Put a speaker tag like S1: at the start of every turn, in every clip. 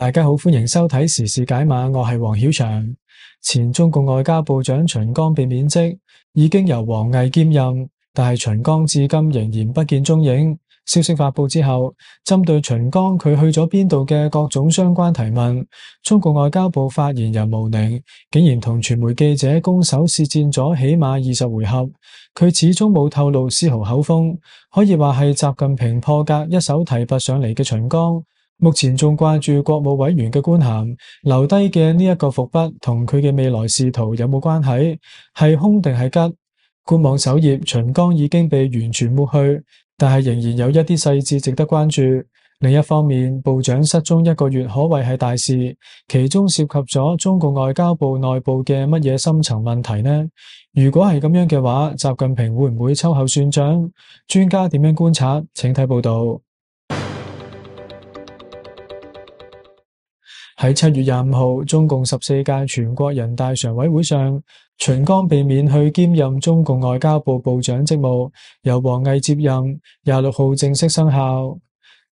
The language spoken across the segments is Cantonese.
S1: 大家好，歡迎收睇時事解碼，我係黃曉翔。前中共外交部長秦剛被免職，已經由王毅兼任，但係秦剛至今仍然不見蹤影。消息發佈之後，針對秦剛佢去咗邊度嘅各種相關提問，中共外交部發言人毛寧竟然同傳媒記者攻守試戰咗起碼二十回合，佢始終冇透露絲毫口風，可以話係習近平破格一手提拔上嚟嘅秦剛。目前仲掛住國務委員嘅官銜，留低嘅呢一個伏筆同佢嘅未來仕途有冇關係？係凶定係吉？官網首頁秦剛已經被完全抹去，但係仍然有一啲細節值得關注。另一方面，部長失蹤一個月可謂係大事，其中涉及咗中共外交部內部嘅乜嘢深層問題呢？如果係咁樣嘅話，習近平會唔會秋後算賬？專家點樣觀察？請睇報道。喺七月廿五號，中共十四屆全國人大常委會上，秦剛被免去兼任中共外交部部長職務，由王毅接任。廿六號正式生效。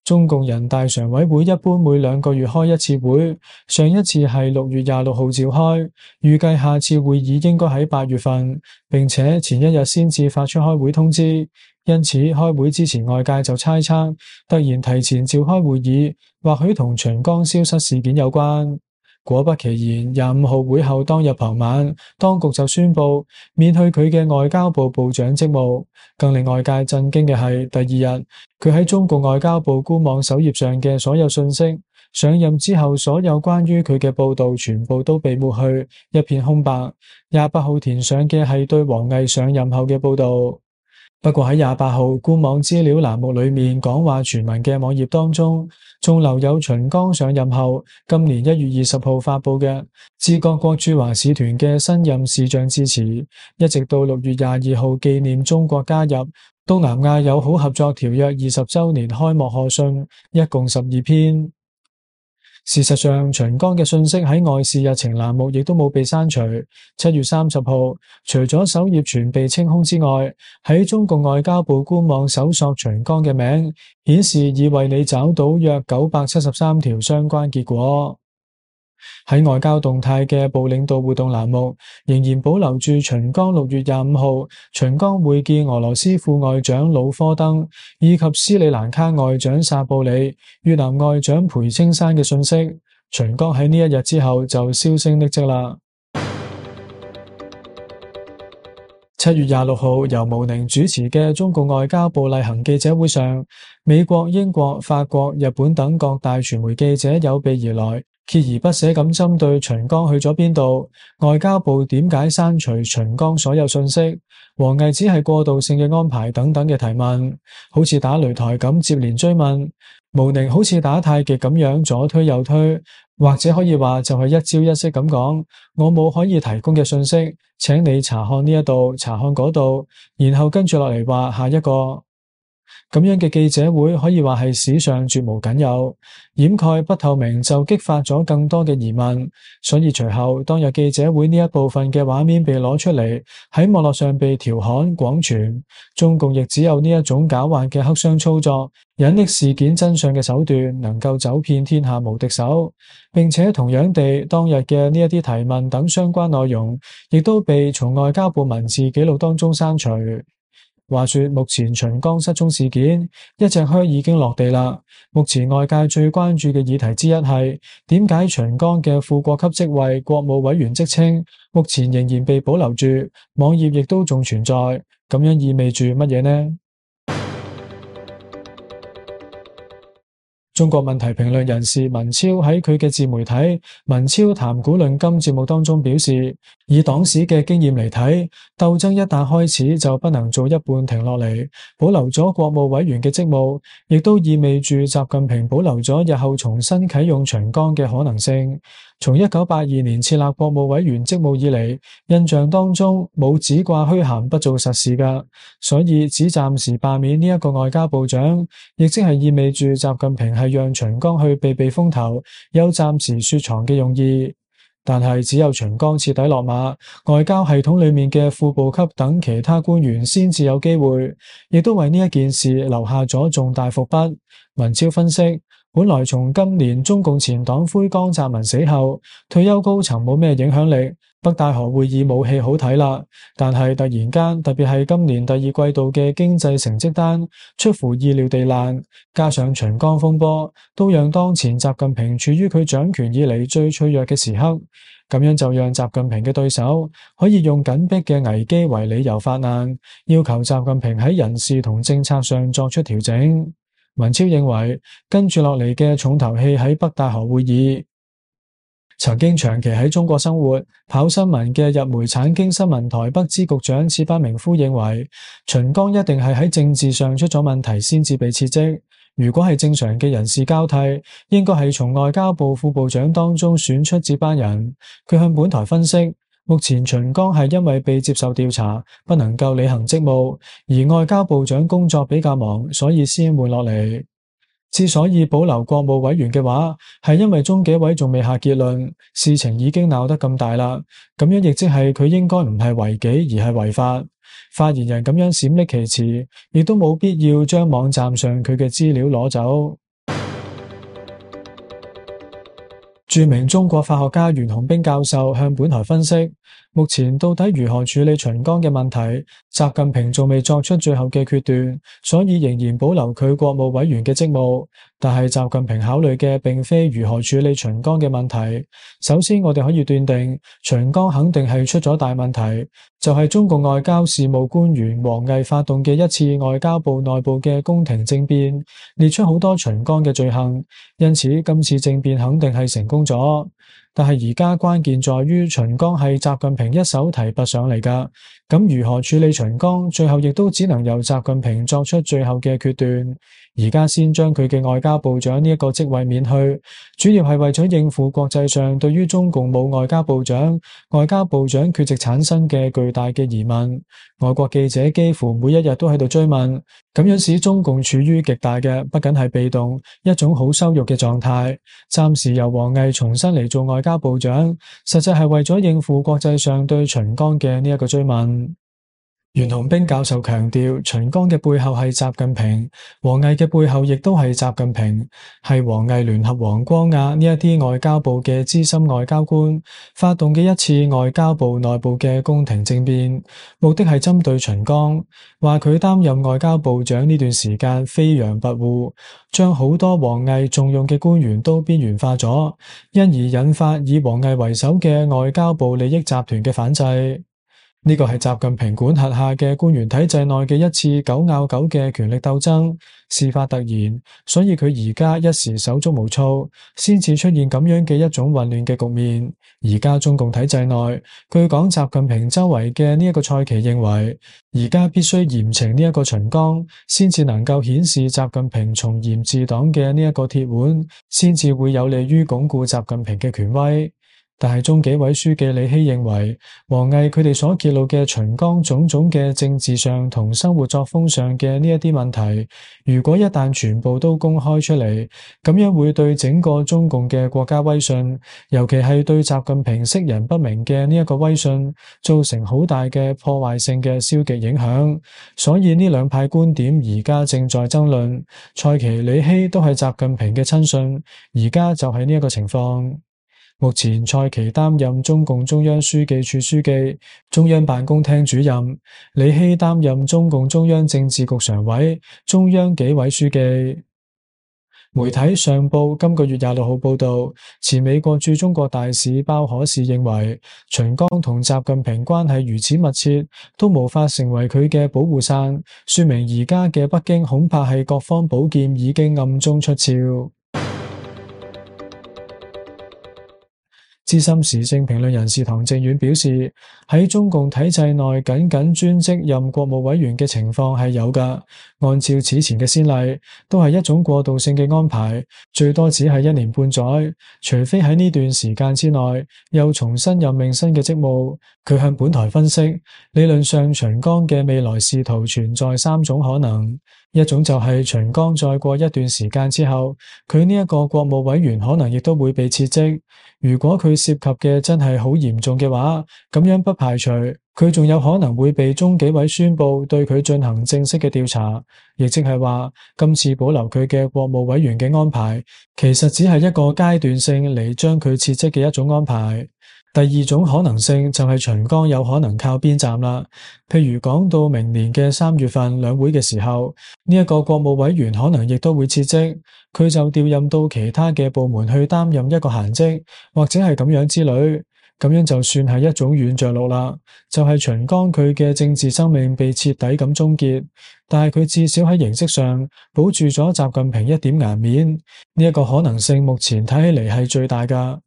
S1: 中共人大常委會一般每兩個月開一次會，上一次係六月廿六號召開，預計下次會議應該喺八月份，並且前一日先至發出開會通知。因此，開會之前外界就猜測，突然提前召開會議，或許同秦剛消失事件有關。果不其然，廿五號會後當日傍晚，當局就宣布免去佢嘅外交部部長職務。更令外界震驚嘅係，第二日佢喺中共外交部官網首頁上嘅所有信息，上任之後所有關於佢嘅報道全部都被抹去，一片空白。廿八號填上嘅係對王毅上任後嘅報道。不過喺廿八號官網資料欄目裏面講話傳聞嘅網頁當中，仲留有秦剛上任後今年一月二十號發佈嘅致各國駐華使團嘅新任市長致辭，一直到六月廿二號紀念中國加入東南亞友好合作條約二十周年開幕賀信，一共十二篇。事實上，秦剛嘅信息喺外事日程欄目亦都冇被刪除。七月三十號，除咗首頁全被清空之外，喺中共外交部官網搜索秦剛嘅名，顯示已為你找到約九百七十三條相關結果。喺外交動態嘅部領導活動欄目，仍然保留住秦剛六月廿五號秦剛會見俄羅斯副外長魯科登以及斯里蘭卡外長薩布里、越南外長裴青山嘅信息。秦剛喺呢一日之後就銷聲匿跡啦。七月廿六號由毛寧主持嘅中共外交部例行記者會上，美國、英國、法國、日本等各大傳媒記者有備而來。鍥而不捨咁針對秦剛去咗邊度，外交部點解刪除秦剛所有信息，王毅只係過渡性嘅安排等等嘅提問，好似打擂台咁接連追問，毛寧好似打太極咁樣左推右推，或者可以話就係一招一式咁講，我冇可以提供嘅信息，請你查看呢一度，查看嗰度，然後跟住落嚟話下一個。咁樣嘅記者會可以話係史上絕無僅有，掩蓋不透明就激發咗更多嘅疑問。所以隨後當日記者會呢一部分嘅畫面被攞出嚟，喺網絡上被調侃廣傳。中共亦只有呢一種狡猾嘅黑箱操作，隱匿事件真相嘅手段，能夠走遍天下無敵手，並且同樣地，當日嘅呢一啲提問等相關內容，亦都被從外交部文字記錄當中刪除。.話說目前秦剛失蹤事件，一隻靴已經落地啦。目前外界最關注嘅議題之一係，點解秦剛嘅副國級職位、國務委員職稱，目前仍然被保留住，網頁亦都仲存在，咁樣意味住乜嘢呢？中國問題評論人士文超喺佢嘅自媒體《文超談古論今》節目當中表示，以黨史嘅經驗嚟睇，鬥爭一旦開始就不能做一半停落嚟。保留咗國務委員嘅職務，亦都意味住習近平保留咗日後重新啟用長江嘅可能性。從一九八二年設立國務委員職務以嚟，印象當中冇只掛虛銜不做實事噶，所以只暫時罷免呢一個外交部長，亦即係意味住習近平係。讓秦剛去避避風頭，有暫時雪藏嘅用意，但係只有秦剛徹底落馬，外交系統裏面嘅副部級等其他官員先至有機會，亦都為呢一件事留下咗重大伏筆。文超分析。本來從今年中共前黨魁江澤民死後，退休高層冇咩影響力，北戴河會議武器好睇啦。但係突然間，特別係今年第二季度嘅經濟成績單出乎意料地爛，加上秦剛風波，都讓當前習近平處於佢掌權以嚟最脆弱嘅時刻。咁樣就讓習近平嘅對手可以用緊迫嘅危機為理由發難，要求習近平喺人事同政策上作出調整。文超認為，跟住落嚟嘅重頭戲喺北戴河會議。曾經長期喺中國生活、跑新聞嘅日媒產經新聞台北支局長矢板明夫認為，秦剛一定係喺政治上出咗問題先至被撤職。如果係正常嘅人事交替，應該係從外交部副部長當中選出接班人。佢向本台分析。目前秦剛係因為被接受調查，不能夠履行職務，而外交部長工作比較忙，所以先換落嚟。之所以保留國務委員嘅話，係因為中紀委仲未下結論，事情已經鬧得咁大啦。咁樣亦即係佢應該唔係違紀而係違法。發言人咁樣閃匿其詞，亦都冇必要將網站上佢嘅資料攞走。著名中國法學家袁紅冰教授向本台分析。目前到底如何處理秦剛嘅問題？習近平仲未作出最後嘅決斷，所以仍然保留佢國務委員嘅職務。但係習近平考慮嘅並非如何處理秦剛嘅問題。首先，我哋可以斷定，秦剛肯定係出咗大問題，就係、是、中共外交事務官員王毅發動嘅一次外交部內部嘅宮廷政變，列出好多秦剛嘅罪行。因此，今次政變肯定係成功咗。但係而家關鍵在於秦剛係習近平一手提拔上嚟㗎，咁如何處理秦剛，最後亦都只能由習近平作出最後嘅決斷。而家先將佢嘅外交部長呢一個職位免去，主要係為咗應付國際上對於中共冇外交部長、外交部長缺席產生嘅巨大嘅疑問。外國記者幾乎每一日都喺度追問，咁樣使中共處於極大嘅，不僅係被動，一種好羞辱嘅狀態。暫時由王毅重新嚟做外交部長，實際係為咗應付國際上對秦剛嘅呢一個追問。袁洪兵教授強調，秦剛嘅背後係習近平，王毅嘅背後亦都係習近平，係王毅聯合王光亞呢一啲外交部嘅資深外交官發動嘅一次外交部內部嘅宮廷政變，目的係針對秦剛，話佢擔任外交部長呢段時間飛揚跋扈，將好多王毅重用嘅官員都邊緣化咗，因而引發以王毅為首嘅外交部利益集團嘅反制。呢個係習近平管轄下嘅官員體制內嘅一次狗咬狗嘅權力鬥爭，事發突然，所以佢而家一時手足無措，先至出現咁樣嘅一種混亂嘅局面。而家中共體制內，據講習近平周圍嘅呢一個賽期認為，而家必須嚴懲呢一個秦剛，先至能夠顯示習近平從嚴治黨嘅呢一個鐵腕，先至會有利於鞏固習近平嘅權威。但係中紀委書記李希認為，王毅佢哋所揭露嘅秦剛種種嘅政治上同生活作風上嘅呢一啲問題，如果一旦全部都公開出嚟，咁樣會對整個中共嘅國家威信，尤其係對習近平識人不明嘅呢一個威信造成好大嘅破壞性嘅消極影響。所以呢兩派觀點而家正在爭論。蔡奇、李希都係習近平嘅親信，而家就係呢一個情況。目前，蔡奇擔任中共中央書記處書記、中央辦公廳主任；李希擔任中共中央政治局常委、中央紀委書記。媒體上報今個月廿六號報道，前美國駐中國大使包可士認為，秦剛同習近平關係如此密切，都無法成為佢嘅保護傘，說明而家嘅北京恐怕係各方寶劍已經暗中出鞘。資深時政評論人士唐正遠表示，喺中共體制內，僅僅專職任國務委員嘅情況係有㗎。按照此前嘅先例，都係一種過渡性嘅安排，最多只係一年半載，除非喺呢段時間之內又重新任命新嘅職務。佢向本台分析，理論上秦剛嘅未來仕途存在三種可能。一種就係秦剛，再過一段時間之後，佢呢一個國務委員可能亦都會被撤職。如果佢涉及嘅真係好嚴重嘅話，咁樣不排除佢仲有可能會被中紀委宣布對佢進行正式嘅調查，亦即係話今次保留佢嘅國務委員嘅安排，其實只係一個階段性嚟將佢撤職嘅一種安排。第二種可能性就係秦剛有可能靠邊站啦。譬如講到明年嘅三月份兩會嘅時候，呢、這、一個國務委員可能亦都會撤職，佢就調任到其他嘅部門去擔任一個閒職，或者係咁樣之類。咁樣就算係一種軟着陸啦，就係、是、秦剛佢嘅政治生命被徹底咁終結，但係佢至少喺形式上保住咗習近平一點顏面。呢、這、一個可能性目前睇起嚟係最大噶。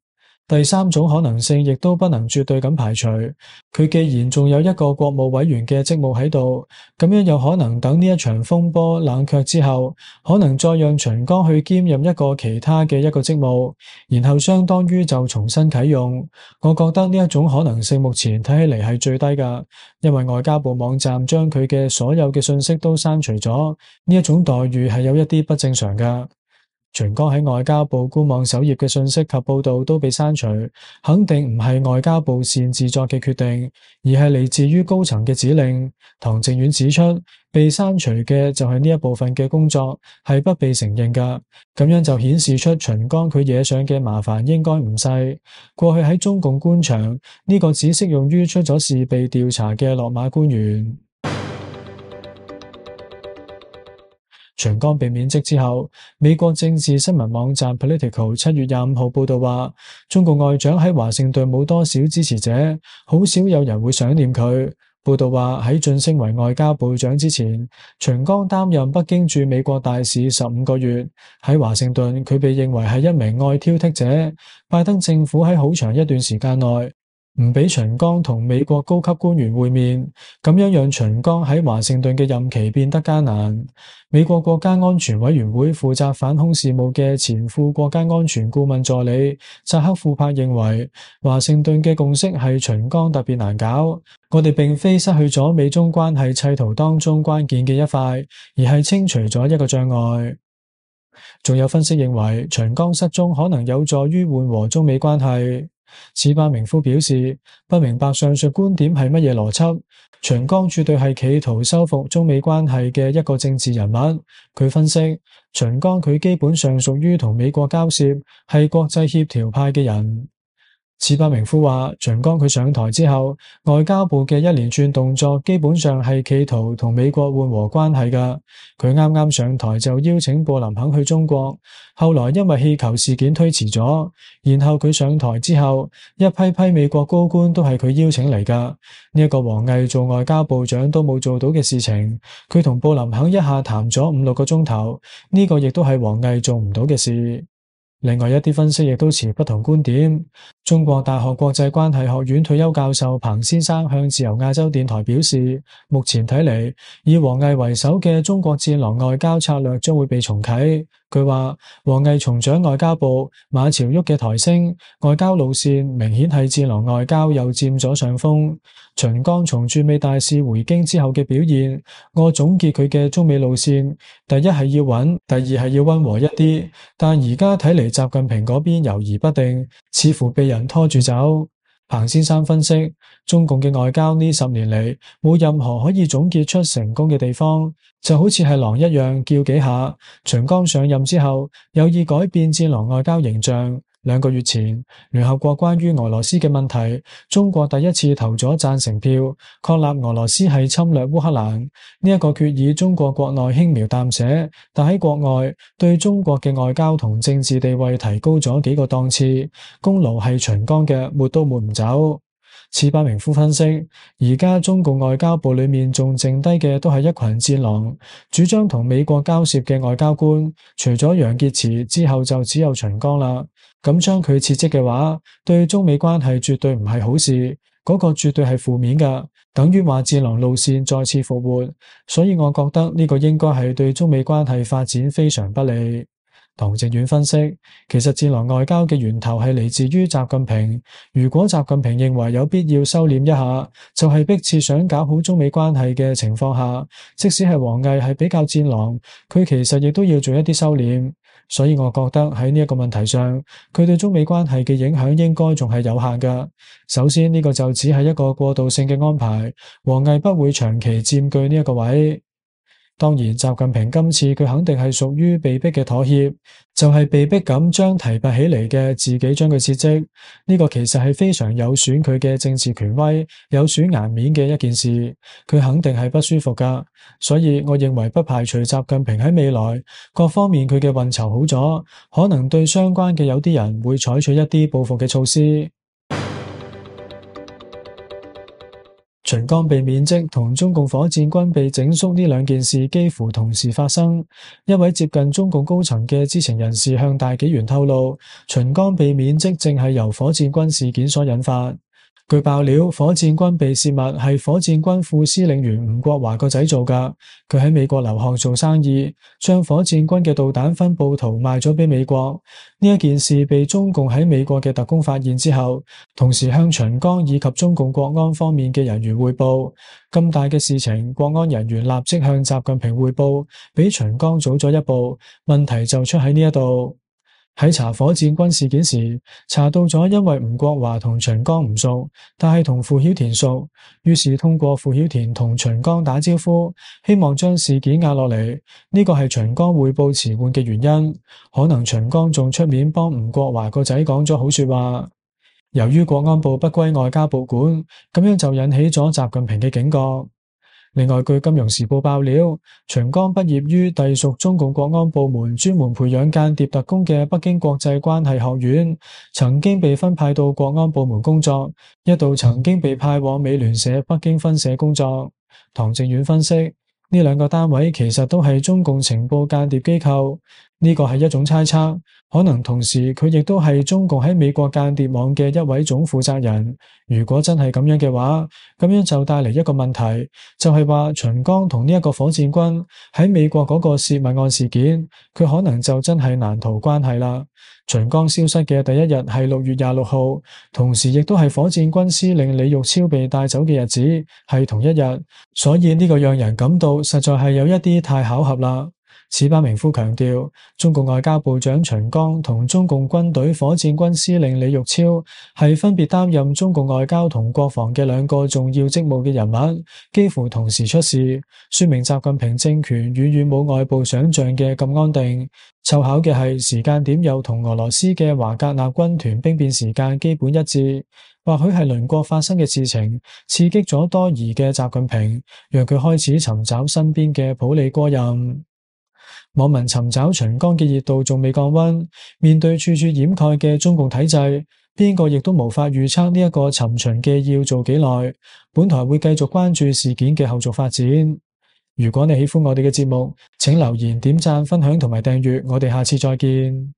S1: 第三種可能性亦都不能絕對咁排除，佢既然仲有一個國務委員嘅職務喺度，咁樣有可能等呢一場風波冷卻之後，可能再讓秦剛去兼任一個其他嘅一個職務，然後相當於就重新啟用。我覺得呢一種可能性目前睇起嚟係最低噶，因為外交部網站將佢嘅所有嘅信息都刪除咗，呢一種待遇係有一啲不正常噶。秦剛喺外交部官網首頁嘅信息及報道都被刪除，肯定唔係外交部擅自作嘅決定，而係嚟自於高層嘅指令。唐靖遠指出，被刪除嘅就係呢一部分嘅工作，係不被承認噶，咁樣就顯示出秦剛佢惹上嘅麻煩應該唔細。過去喺中共官場，呢個只適用於出咗事被調查嘅落馬官員。秦剛被免職之後，美國政治新聞網站 Political 七月廿五號報導話，中國外長喺華盛頓冇多少支持者，好少有人會想念佢。報導話喺晉升為外交部長之前，秦剛擔任北京駐美國大使十五個月，喺華盛頓佢被認為係一名愛挑剔者。拜登政府喺好長一段時間內。唔俾秦剛同美國高級官員會面，咁樣讓秦剛喺華盛頓嘅任期變得艱難。美國國家安全委員會負責反恐事務嘅前副國家安全顧問助理扎克庫珀認為，華盛頓嘅共識係秦剛特別難搞。我哋並非失去咗美中關係砌圖當中關鍵嘅一塊，而係清除咗一個障礙。仲有分析認為，秦剛失蹤可能有助於緩和中美關係。矢板明夫表示，不明白上述觀點係乜嘢邏輯。秦剛絕對係企圖修復中美關係嘅一個政治人物。佢分析，秦剛佢基本上屬於同美國交涉，係國際協調派嘅人。似白明夫話，秦剛佢上台之後，外交部嘅一連串動作基本上係企圖同美國緩和關係噶。佢啱啱上台就邀請布林肯去中國，後來因為氣球事件推遲咗。然後佢上台之後，一批批美國高官都係佢邀請嚟噶。呢一個王毅做外交部長都冇做到嘅事情，佢同布林肯一下談咗五六個鐘頭，呢個亦都係王毅做唔到嘅事。另外一啲分析亦都持不同觀點。中國大學國際關係學院退休教授彭先生向自由亞洲電台表示，目前睇嚟，以王毅為首嘅中國戰狼外交策略將會被重啟。佢話：王毅重掌外交部，馬朝旭嘅抬升外交路線，明顯係戰狼外交又佔咗上風。秦剛從駐美大使回京之後嘅表現，我總結佢嘅中美路線，第一係要穩，第二係要溫和一啲。但而家睇嚟，習近平嗰邊猶豫不定，似乎被人拖住走。彭先生分析中共嘅外交呢十年嚟，冇任何可以總結出成功嘅地方，就好似係狼一樣叫幾下。秦剛上任之後有意改變戰狼外交形象。兩個月前，聯合國關於俄羅斯嘅問題，中國第一次投咗贊成票，確立俄羅斯係侵略烏克蘭呢一個決議。中國國內輕描淡寫，但喺國外對中國嘅外交同政治地位提高咗幾個檔次。功勞係秦剛嘅，抹都抹唔走。似班明夫分析，而家中共外交部裏面仲剩低嘅都係一群戰狼，主張同美國交涉嘅外交官，除咗楊潔篪之後就只有秦剛啦。咁將佢撤職嘅話，對中美關係絕對唔係好事，嗰個絕對係負面噶，等於話戰狼路線再次復活，所以我覺得呢個應該係對中美關係發展非常不利。唐靖遠分析，其實戰狼外交嘅源頭係嚟自於習近平。如果習近平認為有必要收斂，一下，就係迫切想搞好中美關係嘅情況下，即使係王毅係比較戰狼，佢其實亦都要做一啲收斂。所以我覺得喺呢一個問題上，佢對中美關係嘅影響應該仲係有限噶。首先呢、這個就只係一個過渡性嘅安排，王毅不會長期佔據呢一個位。當然，習近平今次佢肯定係屬於被逼嘅妥協，就係、是、被逼咁將提拔起嚟嘅自己將佢撤職，呢、這個其實係非常有損佢嘅政治權威、有損顏面嘅一件事，佢肯定係不舒服噶。所以我認為不排除習近平喺未來各方面佢嘅運籌好咗，可能對相關嘅有啲人會採取一啲報復嘅措施。秦剛被免職同中共火箭軍被整肅呢兩件事幾乎同時發生。一位接近中共高層嘅知情人士向大紀元透露，秦剛被免職正係由火箭軍事件所引發。據爆料，火箭軍被泄密係火箭軍副司令員吳國華個仔做噶。佢喺美國留學做生意，將火箭軍嘅導彈分布圖賣咗俾美國。呢一件事被中共喺美國嘅特工發現之後，同時向秦剛以及中共國安方面嘅人員匯報。咁大嘅事情，國安人員立即向習近平匯報，比秦剛早咗一步。問題就出喺呢一度。喺查火箭軍事件時，查到咗，因為吳國華同秦剛唔熟，但係同傅曉田熟，於是通過傅曉田同秦剛打招呼，希望將事件壓落嚟。呢個係秦剛匯報遲緩嘅原因，可能秦剛仲出面幫吳國華個仔講咗好說話。由於國安部不歸外交部管，咁樣就引起咗習近平嘅警覺。另外，據《金融時報》爆料，秦剛畢業於隸屬中共國安部門專門培養間諜特工嘅北京國際關係學院，曾經被分派到國安部門工作，一度曾經被派往美聯社北京分社工作。唐靖遠分析，呢兩個單位其實都係中共情報間諜機構。呢個係一種猜測，可能同時佢亦都係中共喺美國間諜網嘅一位總負責人。如果真係咁樣嘅話，咁樣就帶嚟一個問題，就係話秦剛同呢一個火箭軍喺美國嗰個洩密案事件，佢可能就真係難逃關係啦。秦剛消失嘅第一日係六月廿六號，同時亦都係火箭軍司令李玉超被帶走嘅日子係同一日，所以呢個讓人感到實在係有一啲太巧合啦。史巴明夫強調，中共外交部長秦剛同中共軍隊火箭軍司令李玉超係分別擔任中共外交同國防嘅兩個重要職務嘅人物，幾乎同時出事，說明習近平政權遠遠冇外部想象嘅咁安定。湊巧嘅係，時間點又同俄羅斯嘅華格納軍團兵變時間基本一致，或許係鄰國發生嘅事情刺激咗多疑嘅習近平，讓佢開始尋找身邊嘅普里戈任。網民尋找秦剛嘅熱度仲未降溫，面對處處掩蓋嘅中共體制，邊個亦都無法預測呢一個尋秦嘅要做幾耐。本台會繼續關注事件嘅後續發展。如果你喜歡我哋嘅節目，請留言、點贊、分享同埋訂閱。我哋下次再見。